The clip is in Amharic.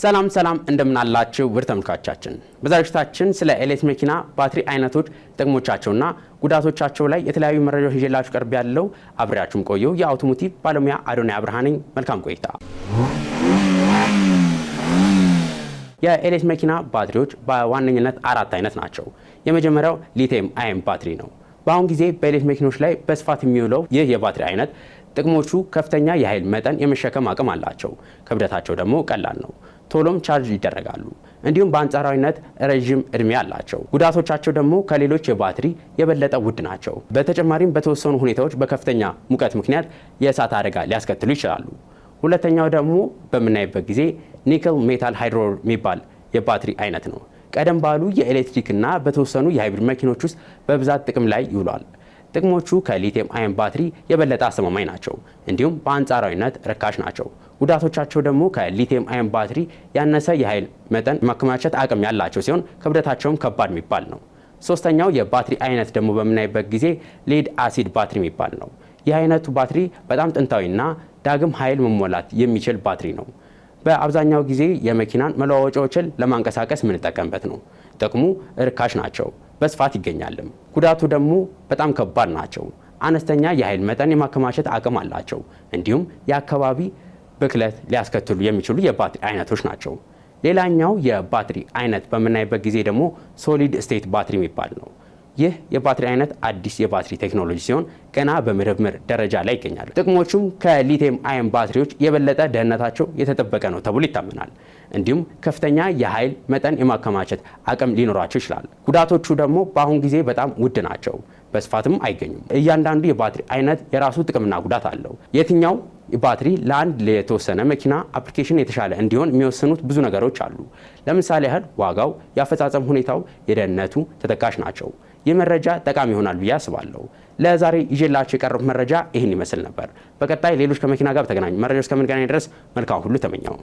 ሰላም ሰላም እንደምናላችሁ ውድ ተመልካቾቻችን፣ በዛሬዎቻችን ስለ ኤሌት መኪና ባትሪ አይነቶች፣ ጥቅሞቻቸውና ጉዳቶቻቸው ላይ የተለያዩ መረጃዎች ይዤላችሁ ቀርብ ያለው አብሬያችሁም ቆየው። የአውቶሞቲቭ ባለሙያ አዶናይ አብርሃ ነኝ። መልካም ቆይታ። የኤሌት መኪና ባትሪዎች በዋነኝነት አራት አይነት ናቸው። የመጀመሪያው ሊቲየም አየን ባትሪ ነው። በአሁን ጊዜ በኤሌት መኪኖች ላይ በስፋት የሚውለው ይህ የባትሪ አይነት ጥቅሞቹ ከፍተኛ የኃይል መጠን የመሸከም አቅም አላቸው። ክብደታቸው ደግሞ ቀላል ነው። ቶሎም ቻርጅ ይደረጋሉ። እንዲሁም በአንጻራዊነት ረዥም እድሜ አላቸው። ጉዳቶቻቸው ደግሞ ከሌሎች የባትሪ የበለጠ ውድ ናቸው። በተጨማሪም በተወሰኑ ሁኔታዎች በከፍተኛ ሙቀት ምክንያት የእሳት አደጋ ሊያስከትሉ ይችላሉ። ሁለተኛው ደግሞ በምናይበት ጊዜ ኒክል ሜታል ሃይድሮ የሚባል የባትሪ አይነት ነው። ቀደም ባሉ የኤሌክትሪክና በተወሰኑ የሃይብሪድ መኪኖች ውስጥ በብዛት ጥቅም ላይ ይውሏል። ጥቅሞቹ ከሊቲየም አየን ባትሪ የበለጠ አስተማማኝ ናቸው፣ እንዲሁም በአንጻራዊነት ርካሽ ናቸው። ጉዳቶቻቸው ደግሞ ከሊቲየም አየን ባትሪ ያነሰ የኃይል መጠን ማከማቸት አቅም ያላቸው ሲሆን ክብደታቸውም ከባድ የሚባል ነው። ሶስተኛው የባትሪ አይነት ደግሞ በምናይበት ጊዜ ሌድ አሲድ ባትሪ የሚባል ነው። ይህ አይነቱ ባትሪ በጣም ጥንታዊና ዳግም ኃይል መሞላት የሚችል ባትሪ ነው። በአብዛኛው ጊዜ የመኪናን መለዋወጫዎችን ለማንቀሳቀስ የምንጠቀምበት ነው። ጥቅሙ ርካሽ ናቸው። በስፋት ይገኛልም። ጉዳቱ ደግሞ በጣም ከባድ ናቸው። አነስተኛ የኃይል መጠን የማከማቸት አቅም አላቸው። እንዲሁም የአካባቢ ብክለት ሊያስከትሉ የሚችሉ የባትሪ አይነቶች ናቸው። ሌላኛው የባትሪ አይነት በምናይበት ጊዜ ደግሞ ሶሊድ ስቴት ባትሪ የሚባል ነው። ይህ የባትሪ አይነት አዲስ የባትሪ ቴክኖሎጂ ሲሆን ገና በምርምር ደረጃ ላይ ይገኛል። ጥቅሞቹም ከሊቴም አየን ባትሪዎች የበለጠ ደህንነታቸው የተጠበቀ ነው ተብሎ ይታመናል። እንዲሁም ከፍተኛ የኃይል መጠን የማከማቸት አቅም ሊኖራቸው ይችላል። ጉዳቶቹ ደግሞ በአሁን ጊዜ በጣም ውድ ናቸው። በስፋትም አይገኙም። እያንዳንዱ የባትሪ አይነት የራሱ ጥቅምና ጉዳት አለው። የትኛው ባትሪ ለአንድ የተወሰነ መኪና አፕሊኬሽን የተሻለ እንዲሆን የሚወስኑት ብዙ ነገሮች አሉ። ለምሳሌ ያህል ዋጋው፣ የአፈጻጸም ሁኔታው፣ የደህንነቱ ተጠቃሽ ናቸው። ይህ መረጃ ጠቃሚ ይሆናል ብዬ አስባለሁ። ለዛሬ ይዤላቸው የቀረቡት መረጃ ይህን ይመስል ነበር። በቀጣይ ሌሎች ከመኪና ጋር በተገናኙ መረጃ እስከምንገናኝ ድረስ መልካም ሁሉ ተመኘው።